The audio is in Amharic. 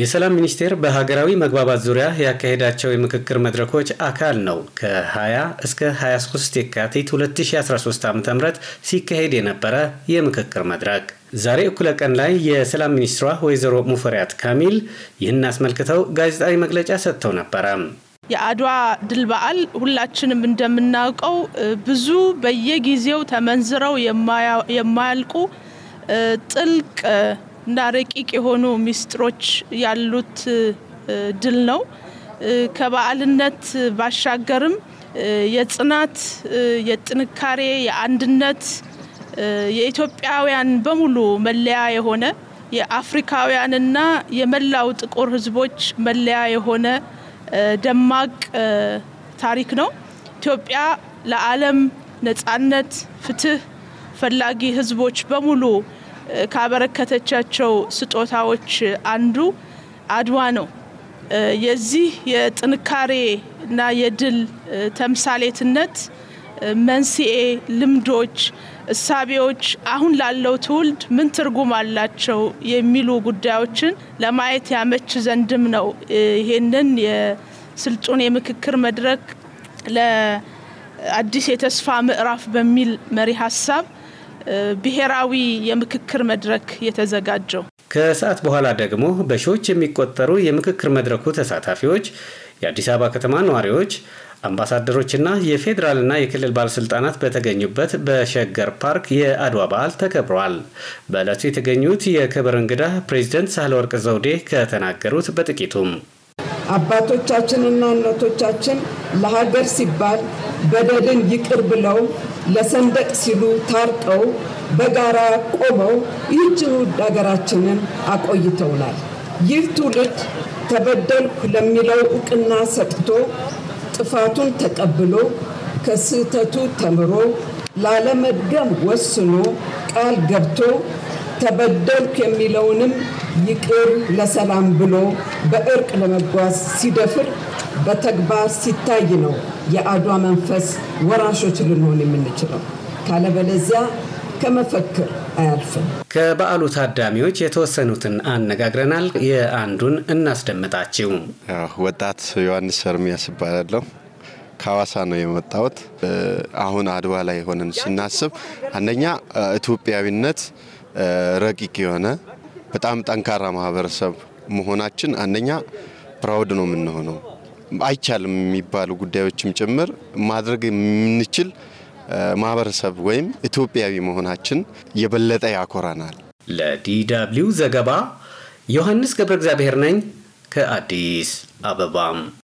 የሰላም ሚኒስቴር በሀገራዊ መግባባት ዙሪያ ያካሄዳቸው የምክክር መድረኮች አካል ነው። ከ20 እስከ 23 የካቲት 2013 ዓ ም ሲካሄድ የነበረ የምክክር መድረክ ዛሬ እኩለ ቀን ላይ የሰላም ሚኒስትሯ ወይዘሮ ሙፈሪያት ካሚል ይህን አስመልክተው ጋዜጣዊ መግለጫ ሰጥተው ነበረ። የአድዋ ድል በዓል ሁላችንም እንደምናውቀው ብዙ በየጊዜው ተመንዝረው የማያልቁ ጥልቅ እና ረቂቅ የሆኑ ሚስጥሮች ያሉት ድል ነው። ከበዓልነት ባሻገርም የጽናት፣ የጥንካሬ፣ የአንድነት የኢትዮጵያውያን በሙሉ መለያ የሆነ የአፍሪካውያንና የመላው ጥቁር ሕዝቦች መለያ የሆነ ደማቅ ታሪክ ነው። ኢትዮጵያ ለዓለም ነጻነት፣ ፍትህ ፈላጊ ሕዝቦች በሙሉ ካበረከተቻቸው ስጦታዎች አንዱ አድዋ ነው። የዚህ የጥንካሬ እና የድል ተምሳሌትነት መንስኤ፣ ልምዶች፣ እሳቤዎች አሁን ላለው ትውልድ ምን ትርጉም አላቸው የሚሉ ጉዳዮችን ለማየት ያመች ዘንድም ነው ይሄንን የስልጡን የምክክር መድረክ ለአዲስ የተስፋ ምዕራፍ በሚል መሪ ሀሳብ ብሔራዊ የምክክር መድረክ የተዘጋጀው። ከሰዓት በኋላ ደግሞ በሺዎች የሚቆጠሩ የምክክር መድረኩ ተሳታፊዎች የአዲስ አበባ ከተማ ነዋሪዎች፣ አምባሳደሮችና የፌዴራልና የክልል ባለስልጣናት በተገኙበት በሸገር ፓርክ የአድዋ በዓል ተከብሯል። በዕለቱ የተገኙት የክብር እንግዳ ፕሬዚደንት ሳህለወርቅ ዘውዴ ከተናገሩት በጥቂቱም አባቶቻችንና እናቶቻችን ለሀገር ሲባል በደልን ይቅር ብለው ለሰንደቅ ሲሉ ታርቀው በጋራ ቆመው ይህች ውድ ሀገራችንን አቆይተውናል። ይህ ትውልድ ተበደልኩ ለሚለው እውቅና ሰጥቶ ጥፋቱን ተቀብሎ ከስህተቱ ተምሮ ላለመድገም ወስኖ ቃል ገብቶ ተበደልኩ የሚለውንም ይቅር ለሰላም ብሎ በእርቅ ለመጓዝ ሲደፍር በተግባር ሲታይ ነው የአድዋ መንፈስ ወራሾች ልንሆን የምንችለው። ካለበለዚያ ከመፈክር አያልፍም። ከበዓሉ ታዳሚዎች የተወሰኑትን አነጋግረናል። የአንዱን እናስደምጣችው። ወጣት ዮሐንስ እርሚያስ ይባላለሁ። ከሐዋሳ ነው የመጣሁት። አሁን አድዋ ላይ ሆነን ስናስብ አንደኛ ኢትዮጵያዊነት ረቂቅ የሆነ በጣም ጠንካራ ማህበረሰብ መሆናችን አንደኛ ፕራውድ ነው የምንሆነው። አይቻልም የሚባሉ ጉዳዮችም ጭምር ማድረግ የምንችል ማህበረሰብ ወይም ኢትዮጵያዊ መሆናችን የበለጠ ያኮራናል። ለዲደብሊው ዘገባ ዮሐንስ ገብረ እግዚአብሔር ነኝ ከአዲስ አበባም